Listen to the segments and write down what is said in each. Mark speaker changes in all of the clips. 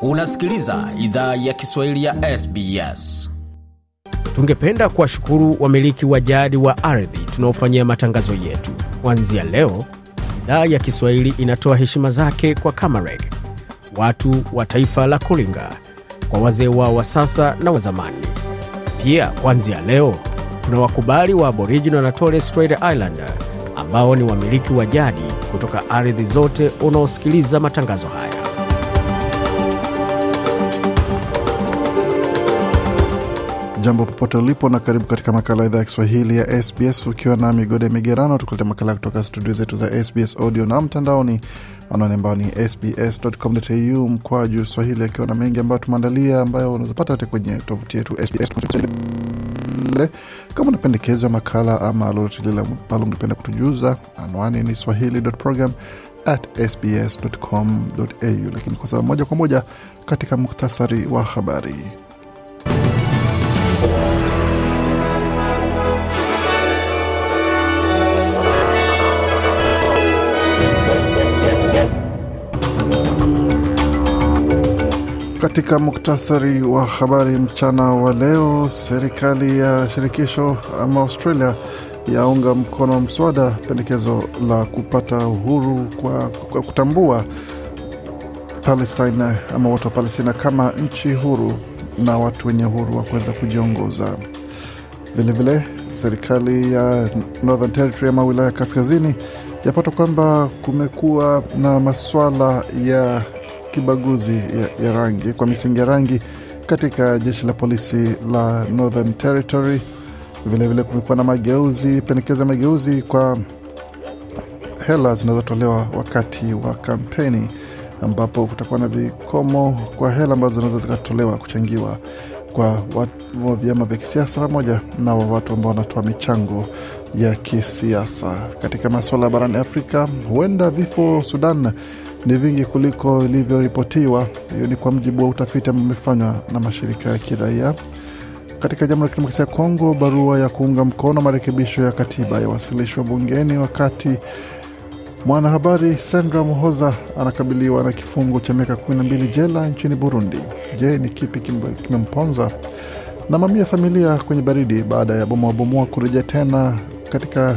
Speaker 1: Unasikiliza idhaa ya Kiswahili ya SBS. Tungependa kuwashukuru wamiliki wa jadi wa ardhi tunaofanyia matangazo yetu. Kuanzia leo, idhaa ya Kiswahili inatoa heshima zake kwa Kamareg, watu wa taifa la Kulinga, kwa wazee wao wa sasa na wazamani Pia kuanzia leo kuna wakubali wa Aboriginal na Torres Strait island ambao ni wamiliki wa jadi kutoka ardhi zote unaosikiliza matangazo haya. Jambo popote ulipo na karibu katika makala idhaa ya Kiswahili ya SBS ukiwa na migode migerano, tukulete makala kutoka studio zetu za SBS audio na mtandaoni, anwani ambao ni sbs.com.au mkwa juu swahili, akiwa na mengi ambayo tumeandalia, ambayo unazopata yote kwenye tovuti yetu SBS kama unapendekezwa makala ama lolote lile ambalo ungependa kutujuza, anwani ni swahili.program at sbs.com.au. Lakini kwa sasa moja kwa moja katika muktasari wa habari. Katika muktasari wa habari mchana wa leo, serikali ya shirikisho ama Australia yaunga mkono mswada pendekezo la kupata uhuru kwa, kwa kutambua Palestine ama watu wa Palestina kama nchi huru na watu wenye uhuru wa kuweza kujiongoza. Vilevile serikali ya Northern Territory ama wilaya kaskazini yapata kwamba kumekuwa na maswala ya kibaguzi ya, ya rangi kwa misingi ya rangi katika jeshi la polisi la Northern Territory. Vilevile kumekuwa na mageuzi, pendekezo ya mageuzi kwa hela zinazotolewa wakati wa kampeni, ambapo kutakuwa na vikomo kwa hela ambazo zinaweza zikatolewa kuchangiwa kwa wa vyama vya kisiasa pamoja na wa watu ambao wanatoa michango ya kisiasa. Katika masuala ya barani Afrika, huenda vifo Sudan ni vingi kuliko ilivyoripotiwa. Hiyo ni kwa mjibu wa utafiti ambao umefanywa na mashirika ya kiraia katika Jamhuri ya Kidemokrasia ya Kongo. Barua ya kuunga mkono marekebisho ya katiba yawasilishwa bungeni wakati mwanahabari Sandra Muhoza anakabiliwa na kifungo cha miaka 12 jela nchini Burundi. Je, ni kipi kimemponza? Na mamia familia kwenye baridi baada ya bomoabomoa kurejea tena katika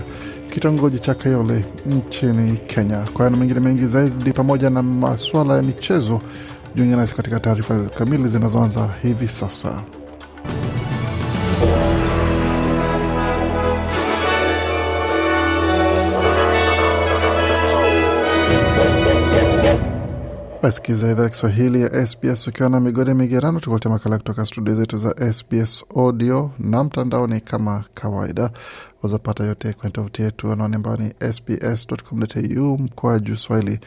Speaker 1: kitongoji cha Kayole nchini Kenya. Kwa na mengine mengi zaidi, pamoja na maswala ya michezo, jiunge nasi katika taarifa kamili zinazoanza hivi sasa. Hapa sikiza idhaa ya Kiswahili ya SBS ukiwa na migode migerano, tukuletea makala kutoka studio zetu za SBS audio na mtandaoni kama kawaida. Wazapata yote kwenye tovuti yetu anaone ambayo ni sbs.com.au mkoa juu swahili,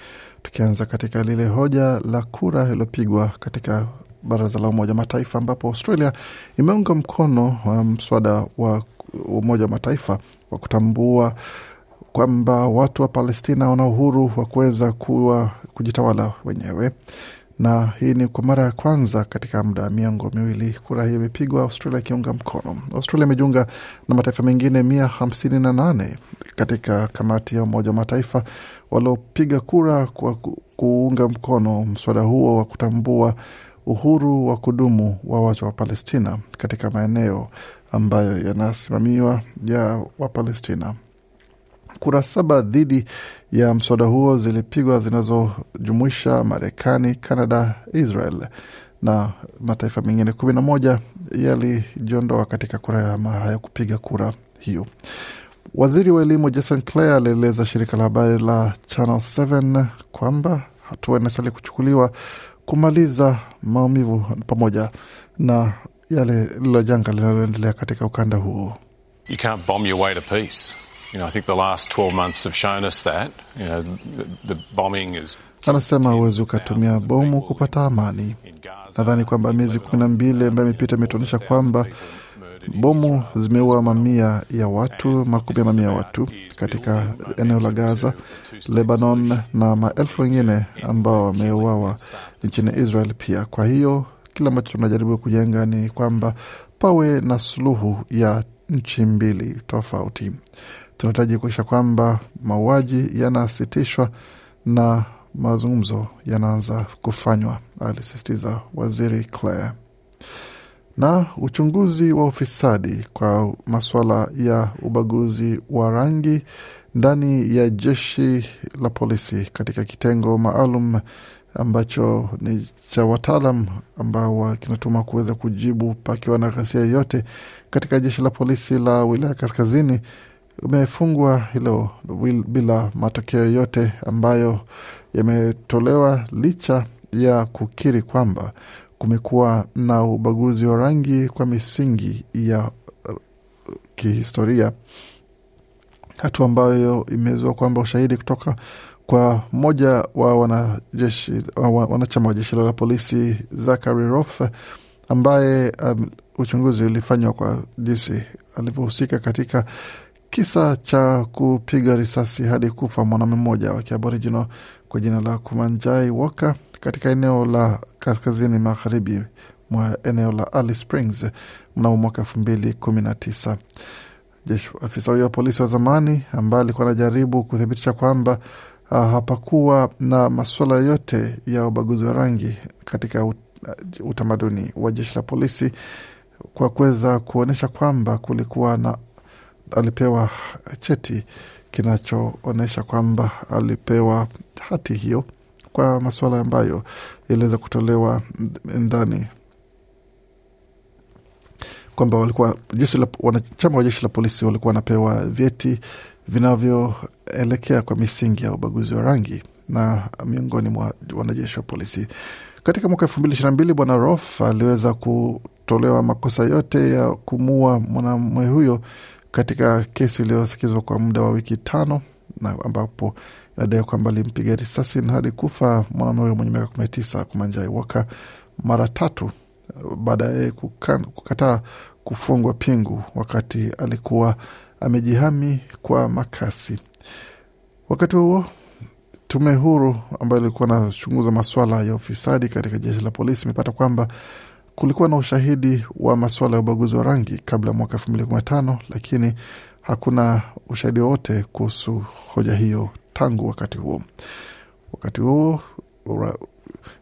Speaker 1: tukianza katika lile hoja la kura iliyopigwa katika baraza la Umoja Mataifa ambapo Australia imeunga mkono um, mswada wa Umoja wa Mataifa wa kutambua kwamba watu wa Palestina wana uhuru wa kuweza kuwa kujitawala wenyewe, na hii ni kwa mara ya kwanza katika muda wa miongo miwili. Kura hiyo imepigwa Australia ikiunga mkono. Australia imejiunga na mataifa mengine mia hamsini na nane katika kamati ya Umoja wa Mataifa waliopiga kura kwa kuunga mkono mswada huo wa kutambua uhuru wa kudumu wa watu wa Palestina katika maeneo ambayo yanasimamiwa ya Wapalestina. Kura saba dhidi ya mswada huo zilipigwa zinazojumuisha Marekani, Canada, Israel na mataifa mengine kumi na moja yalijiondoa katika kura ya ya kupiga kura hiyo. Waziri wa elimu Jason Clare alieleza shirika la habari la Channel 7 kwamba hatua inastahili kuchukuliwa kumaliza maumivu pamoja na yale lilo janga linaloendelea katika ukanda huo. You can't bomb your way to peace. I think the last 12 months have shown us that. You know, the bombing is Anasema huwezi ukatumia bomu kupata amani. Nadhani kwamba miezi kumi na mbili uh, ambayo imepita imetuonyesha kwamba bomu zimeua mamia ya watu, makumi ya mamia ya watu katika eneo la Gaza, Lebanon na maelfu wengine ambao wameuawa nchini Israel pia. Kwa hiyo kile ambacho tunajaribu kujenga ni kwamba pawe na suluhu ya nchi mbili tofauti tunahitaji kuisha kwamba mauaji yanasitishwa na mazungumzo yanaanza kufanywa, alisisitiza waziri Clare. Na uchunguzi wa ufisadi kwa masuala ya ubaguzi wa rangi ndani ya jeshi la polisi katika kitengo maalum ambacho ni cha wataalam ambao kinatuma kuweza kujibu pakiwa na ghasia yoyote katika jeshi la polisi la wilaya kaskazini umefungwa hilo bila matokeo yote ambayo yametolewa licha ya kukiri kwamba kumekuwa na ubaguzi wa rangi kwa misingi ya uh, kihistoria, hatua ambayo imezua kwamba ushahidi kutoka kwa mmoja wa wanajeshi, wanachama wa jeshi la polisi Zachary rof ambaye um, uchunguzi ulifanywa kwa jinsi alivyohusika katika Kisa cha kupiga risasi hadi kufa mwanaume mmoja wa kiaborijino kwa jina la Kumanjai Walker katika eneo la kaskazini magharibi mwa eneo la Alice Springs mnamo mwaka elfu mbili kumi na tisa. Afisa huyo wa polisi wa zamani ambaye alikuwa anajaribu kuthibitisha kwamba uh, hapakuwa na masuala yote ya ubaguzi wa rangi katika uh, utamaduni wa jeshi la polisi kwa kuweza kuonyesha kwamba kulikuwa na alipewa cheti kinachoonyesha kwamba alipewa hati hiyo kwa masuala ambayo yaliweza kutolewa ndani kwamba walikuwa jeshi la, wanachama wa jeshi la polisi walikuwa wanapewa vyeti vinavyoelekea kwa misingi ya ubaguzi wa rangi na miongoni mwa wanajeshi wa polisi. Katika mwaka elfu mbili ishiri na mbili Bwana Rof aliweza kutolewa makosa yote ya kumua mwanamume huyo katika kesi iliyosikizwa kwa muda wa wiki tano na ambapo inadai kwamba alimpiga risasi hadi kufa mwanaume huyo mwenye miaka kumi na tisa Kumanjai Waka mara tatu baada ya kukataa kufungwa pingu wakati alikuwa amejihami kwa makasi. Wakati huo tume huru ambayo ilikuwa inachunguza masuala ya ufisadi katika jeshi la polisi imepata kwamba kulikuwa na ushahidi wa masuala ya ubaguzi wa rangi kabla ya mwaka elfu mbili kumi na tano lakini hakuna ushahidi wowote kuhusu hoja hiyo tangu wakati huo. Wakati huo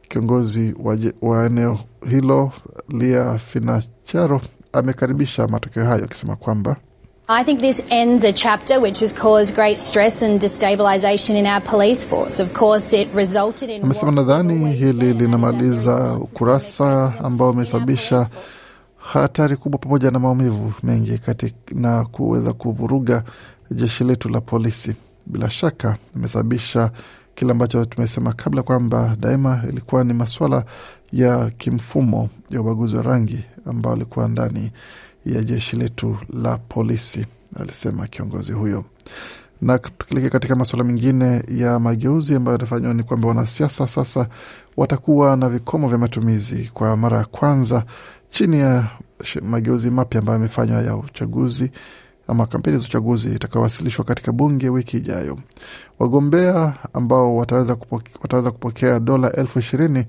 Speaker 1: kiongozi wa, wa eneo hilo Lia Finacharo amekaribisha matokeo hayo akisema kwamba I think this ends a chapter which has caused great stress and destabilization in our police force. Of course, it resulted in Amesema nadhani hili linamaliza ukurasa ambao umesababisha hatari kubwa pamoja na maumivu mengi kati na kuweza kuvuruga jeshi letu la polisi. Bila shaka imesababisha kile ambacho tumesema kabla kwamba daima ilikuwa ni masuala ya kimfumo ya ubaguzi wa rangi ambao alikuwa ndani ya jeshi letu la polisi, alisema kiongozi huyo. Na tukilekea katika masuala mengine ya mageuzi ambayo yatafanywa, ni kwamba wanasiasa sasa watakuwa na vikomo vya matumizi kwa mara ya kwanza chini ya mageuzi mapya ambayo yamefanywa ya uchaguzi ama kampeni za uchaguzi itakayowasilishwa katika bunge wiki ijayo. Wagombea ambao wataweza kupokea, wataweza kupokea dola elfu ishirini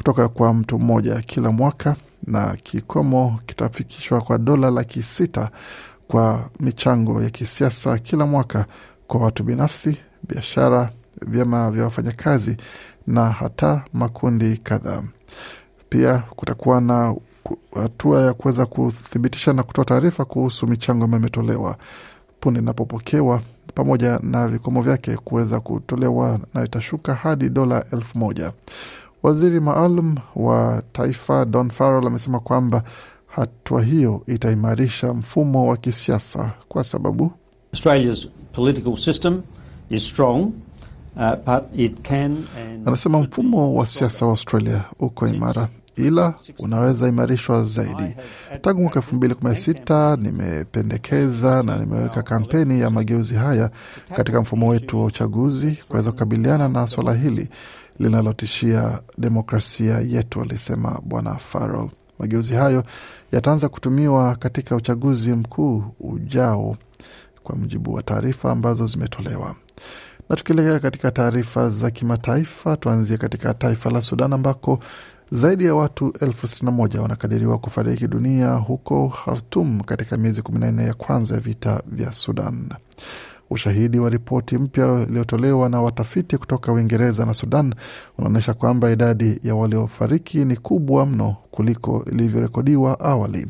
Speaker 1: kutoka kwa mtu mmoja kila mwaka, na kikomo kitafikishwa kwa dola laki sita kwa michango ya kisiasa kila mwaka kwa watu binafsi, biashara, vyama vya wafanyakazi na hata makundi kadhaa. Pia kutakuwa na hatua ya kuweza kuthibitisha na kutoa taarifa kuhusu michango ambayo imetolewa punde inapopokewa, pamoja na vikomo vyake kuweza kutolewa, na itashuka hadi dola elfu moja. Waziri maalum wa taifa Don Farrell amesema kwamba hatua hiyo itaimarisha mfumo wa kisiasa kwa sababu Australia's Uh, Anasema mfumo wa siasa wa Australia uko imara ila unaweza imarishwa zaidi. Tangu mwaka elfu mbili kumi na sita nimependekeza na nimeweka kampeni ya mageuzi haya katika mfumo wetu wa uchaguzi kuweza kukabiliana na swala hili linalotishia demokrasia yetu, alisema Bwana Farrell. Mageuzi hayo yataanza kutumiwa katika uchaguzi mkuu ujao, kwa mujibu wa taarifa ambazo zimetolewa. Na tukielekea katika taarifa za kimataifa, tuanzie katika taifa la Sudan ambako zaidi ya watu elfu sitini na moja wanakadiriwa kufariki dunia huko Khartum katika miezi 14 ya kwanza ya vita vya Sudan. Ushahidi wa ripoti mpya iliyotolewa na watafiti kutoka Uingereza na Sudan unaonyesha kwamba idadi ya waliofariki ni kubwa mno kuliko ilivyorekodiwa awali.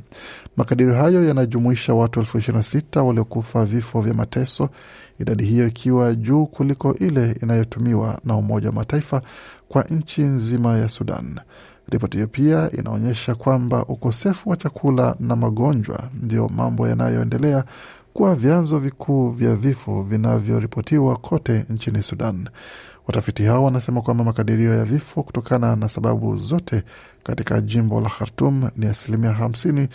Speaker 1: Makadirio hayo yanajumuisha watu elfu ishirini na sita waliokufa vifo vya mateso, idadi hiyo ikiwa juu kuliko ile inayotumiwa na Umoja wa Mataifa kwa nchi nzima ya Sudan. Ripoti hiyo pia inaonyesha kwamba ukosefu wa chakula na magonjwa ndiyo mambo yanayoendelea kuwa vyanzo vikuu vya vifo vinavyoripotiwa kote nchini Sudan. Watafiti hao wanasema kwamba makadirio ya vifo kutokana na sababu zote katika jimbo la Khartum ni asilimia hamsini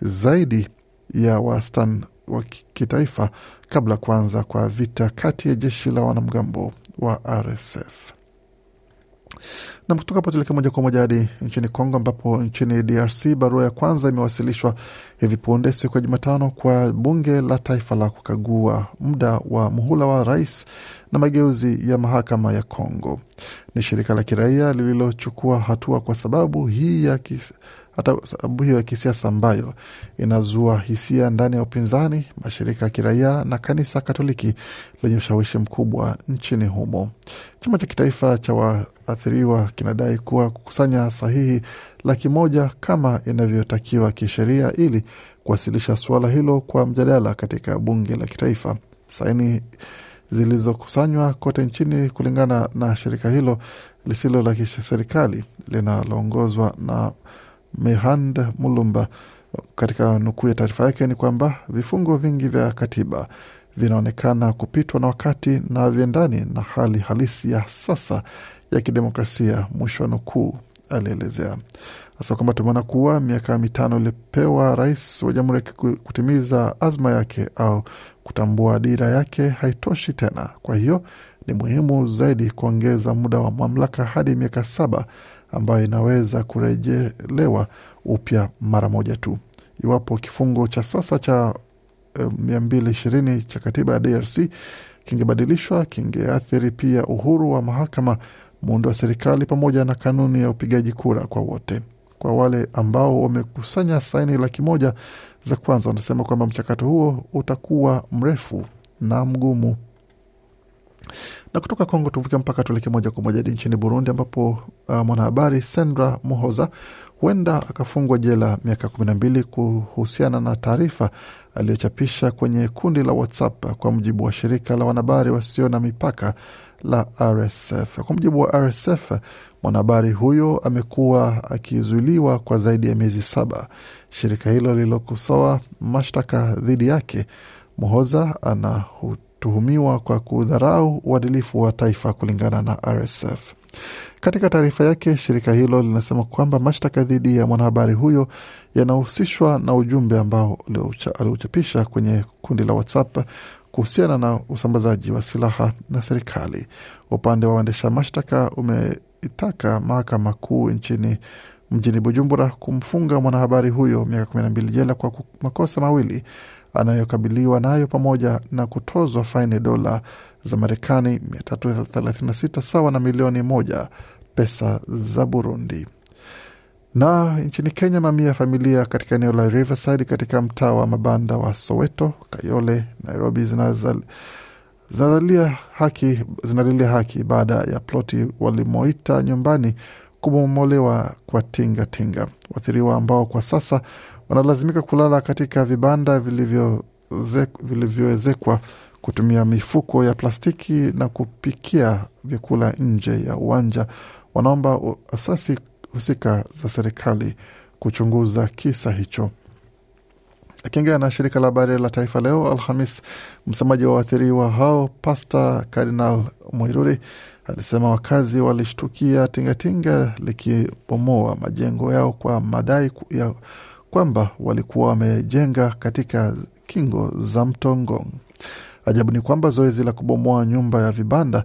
Speaker 1: zaidi ya wastani wa kitaifa kabla kuanza kwa vita kati ya jeshi la wanamgambo wa RSF nam kutoka hapo tuelekee moja kwa moja hadi nchini Kongo, ambapo nchini DRC barua ya kwanza imewasilishwa hivi punde siku ya Jumatano kwa bunge la taifa la kukagua muda wa muhula wa rais na mageuzi ya mahakama ya Kongo. Ni shirika la kiraia lililochukua hatua kwa sababu hii ya kis hata sababu hiyo ya kisiasa ambayo inazua hisia ndani ya upinzani, mashirika ya kiraia na kanisa Katoliki lenye ushawishi mkubwa nchini humo. Chama cha kitaifa cha waathiriwa kinadai kuwa kukusanya sahihi laki moja kama inavyotakiwa kisheria ili kuwasilisha suala hilo kwa mjadala katika bunge la kitaifa. Saini zilizokusanywa kote nchini, kulingana na shirika hilo lisilo la kiserikali linaloongozwa na Mehand Mulumba katika nukuu ya taarifa yake ni kwamba vifungo vingi vya katiba vinaonekana kupitwa na wakati na viendani na hali halisi ya sasa ya kidemokrasia, mwisho wa nukuu, alielezea. hasa kwamba tumeona kuwa miaka mitano ilipewa rais wa jamhuri kutimiza azma yake au kutambua dira yake haitoshi tena. Kwa hiyo ni muhimu zaidi kuongeza muda wa mamlaka hadi miaka saba ambayo inaweza kurejelewa upya mara moja tu iwapo kifungo cha sasa cha eh, mia mbili ishirini cha katiba ya DRC kingebadilishwa kingeathiri pia uhuru wa mahakama, muundo wa serikali, pamoja na kanuni ya upigaji kura kwa wote. Kwa wale ambao wamekusanya saini laki moja za kwanza, wanasema kwamba mchakato huo utakuwa mrefu na mgumu. Na kutoka Kongo tuvuke mpaka tuelekee moja kwa moja hadi nchini Burundi, ambapo uh, mwanahabari Sandra Muhoza huenda akafungwa jela miaka kumi na mbili kuhusiana na taarifa aliyochapisha kwenye kundi la WhatsApp kwa mujibu wa shirika la wanahabari wasio na mipaka la RSF. Kwa mujibu wa RSF, mwanahabari huyo amekuwa akizuiliwa kwa zaidi ya miezi saba. Shirika hilo lililokosoa mashtaka dhidi yake Muhoza ana tuhumiwa kwa kudharau uadilifu wa taifa kulingana na RSF. Katika taarifa yake, shirika hilo linasema kwamba mashtaka dhidi ya mwanahabari huyo yanahusishwa na ujumbe ambao aliuchapisha kwenye kundi la WhatsApp kuhusiana na usambazaji wa silaha na serikali. Upande wa waendesha mashtaka umeitaka mahakama kuu nchini mjini Bujumbura kumfunga mwanahabari huyo miaka kumi na mbili jela kwa makosa mawili anayokabiliwa nayo pamoja na kutozwa faini dola za Marekani 336 sawa na milioni moja pesa za Burundi. Na nchini Kenya, mamia ya familia katika eneo la Riverside katika mtaa wa mabanda wa Soweto, Kayole, Nairobi zinalilia haki, zinalilia haki baada ya ploti walimoita nyumbani kubomolewa kwa tingatinga. Waathiriwa ambao kwa sasa wanalazimika kulala katika vibanda vilivyoezekwa kutumia mifuko ya plastiki na kupikia vyakula nje ya uwanja. Wanaomba asasi husika za serikali kuchunguza kisa hicho. Akiongea na shirika la habari la taifa leo Alhamis, msemaji wa waathiriwa hao Pasta Kardinal Mwiruri alisema wakazi walishtukia tingatinga likibomoa majengo yao kwa madai ya kwamba walikuwa wamejenga katika kingo za mto Ngong. Ajabu ni kwamba zoezi la kubomoa nyumba ya vibanda,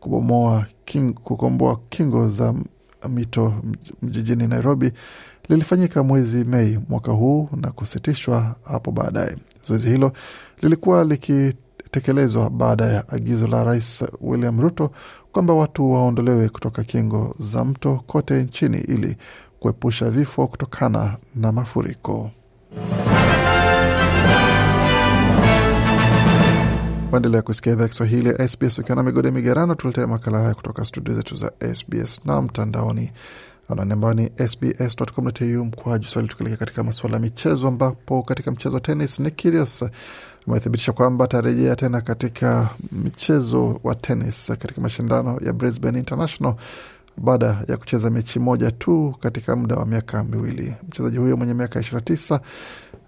Speaker 1: kubomoa king, kukomboa kingo za mito mjijini Nairobi lilifanyika mwezi Mei mwaka huu na kusitishwa hapo baadaye. Zoezi hilo lilikuwa likitekelezwa baada ya agizo la Rais William Ruto kwamba watu waondolewe kutoka kingo za mto kote nchini ili kuepusha vifo kutokana na mafuriko. Waendelea kusikia idhaa Kiswahili ya SBS ukiwa na migode migerano. Tuletea makala haya kutoka studio zetu za SBS na mtandaoni, anwani ambayo ni sbs.com.au mkwaju swali. Tukilekea katika masuala ya michezo, ambapo katika mchezo wa tenis Nick Kyrgios amethibitisha kwamba atarejea tena katika mchezo wa tenis katika mashindano ya Brisbane International baada ya kucheza mechi moja tu katika muda wa miaka miwili. Mchezaji huyo mwenye miaka tisa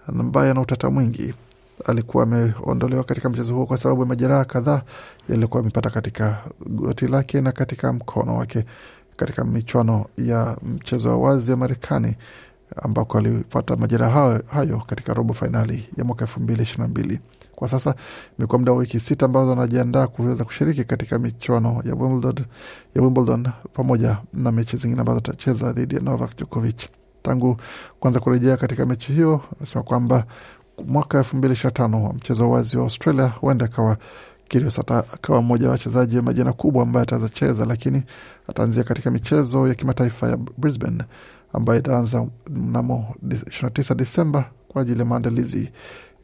Speaker 1: ambaye ana utata mwingi alikuwa ameondolewa katika mchezo huo kwa sababu ya majeraha kadhaa yaliyokuwa amepata katika goti lake na katika mkono wake katika michuano ya mchezo wa wazi wa Marekani ambako alipata majeraha hayo katika robo fainali ya mwaka elfu mbili ishirini na mbili. Kwa sasa imekuwa muda wa wiki sita ambazo anajiandaa kuweza kushiriki katika michuano ya Wimbledon, ya Wimbledon pamoja na mechi zingine ambazo atacheza dhidi ya Novak Djokovic. Tangu kuanza kurejea katika mechi hiyo, amesema kwamba mwaka elfu mbili ishirini na tano wa mchezo wazi wa Australia huenda akawa Kyrgios akawa mmoja wa wachezaji wa majina kubwa ambaye ataweza cheza, lakini ataanzia katika michezo ya kimataifa ya Brisbane ambayo itaanza mnamo 29 Disemba kwa ajili ya maandalizi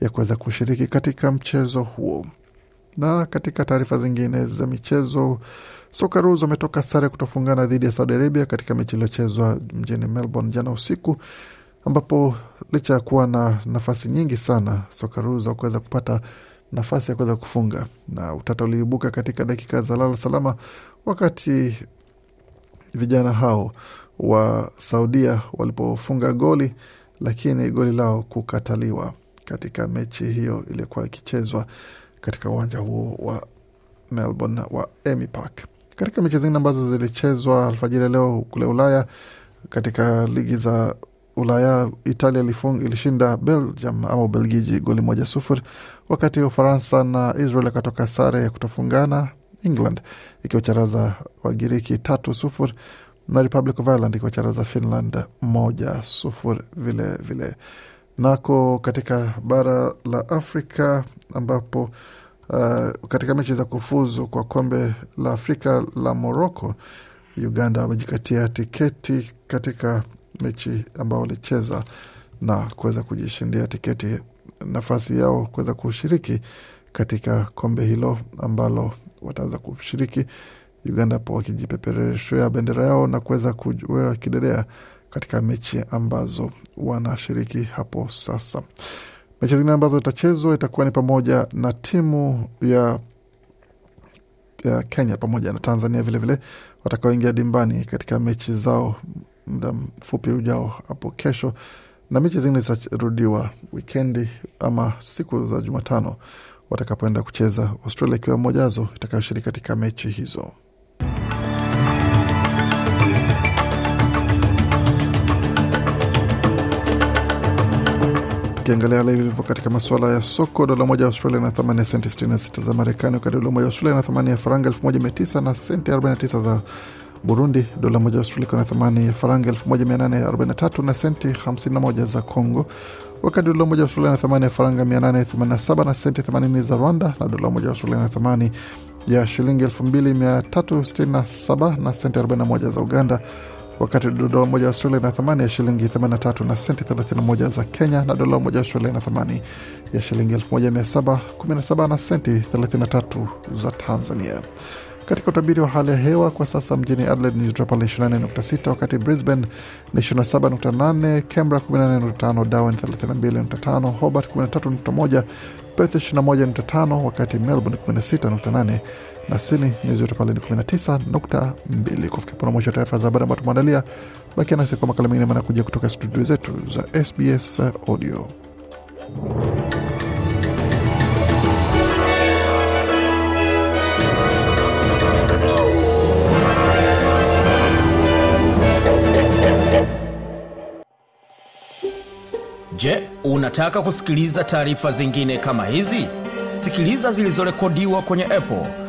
Speaker 1: ya kuweza kushiriki katika mchezo huo. Na katika taarifa zingine za michezo, Socceroos wametoka sare kutofungana dhidi ya Saudi Arabia katika mechi iliyochezwa mjini Melbourne jana usiku, ambapo licha ya kuwa na nafasi nyingi sana Socceroos hawakuweza kupata nafasi ya kuweza kufunga, na utata uliibuka katika dakika za lala salama wakati vijana hao wa Saudia walipofunga goli, lakini goli lao kukataliwa katika mechi hiyo iliyokuwa ikichezwa katika uwanja huo wa Melbourne wa Amy Park. Katika mechi zingine ambazo zilichezwa alfajiri ya leo kule Ulaya, katika ligi za Ulaya, Italia ilifung, ilishinda Belgium ama Ubelgiji goli moja sufuri, wakati Ufaransa na Israel akatoka sare ya kutofungana, England ikiwacharaza Wagiriki tatu sufuri na Republic of Ireland ikiwacharaza Finland moja sufuri vilevile vile. Nako katika bara la Afrika ambapo uh, katika mechi za kufuzu kwa kombe la Afrika la Morocco, Uganda wamejikatia tiketi katika mechi ambao walicheza na kuweza kujishindia tiketi nafasi yao kuweza kushiriki katika kombe hilo ambalo wataweza kushiriki Uganda po wakijipepereshea bendera yao na kuweza kuweka kidedea katika mechi ambazo wanashiriki hapo sasa. Mechi zingine ambazo itachezwa itakuwa ni pamoja na timu ya ya Kenya pamoja na Tanzania vilevile watakaoingia dimbani katika mechi zao muda mfupi ujao hapo kesho, na mechi zingine zitarudiwa wikendi ama siku za Jumatano watakapoenda kucheza, Australia ikiwa mojazo itakayoshiriki katika mechi hizo. Tukiangalia hali ilivyo katika masuala ya soko, dola moja ya Australia na thamani ya senti 66 za Marekani, wakati dola moja ya Australia na thamani ya faranga 1900 na senti 49 za Burundi, dola moja ya Australia na thamani ya faranga 1843 na senti 51 za Congo, wakati dola moja ya Australia na thamani ya faranga 887 na senti 80 za Rwanda, na dola moja ya Australia na thamani ya shilingi 2367 na senti 41 za Uganda wakati dola moja wa Australia ina thamani ya shilingi 83 na senti 31 za Kenya, na dola moja wa Australia ina thamani ya shilingi 1717 na senti 33 za Tanzania. Katika utabiri wa hali ya hewa kwa sasa, mjini Adelaide ni joto 24.6, wakati Brisbane ni 27.8, Canberra 18.5, Darwin 32.5, Hobart 13.1, Perth 21.5, wakati Melbourne 16.8 sini ni joto pale ni 19.2. Kufikia pona mwisho taarifa za habari ambayo tumeandalia, bakia nasi kwa makala mengine manakuja kutoka studio zetu za SBS Audio. Je, unataka kusikiliza taarifa zingine kama hizi? Sikiliza zilizorekodiwa kwenye Apple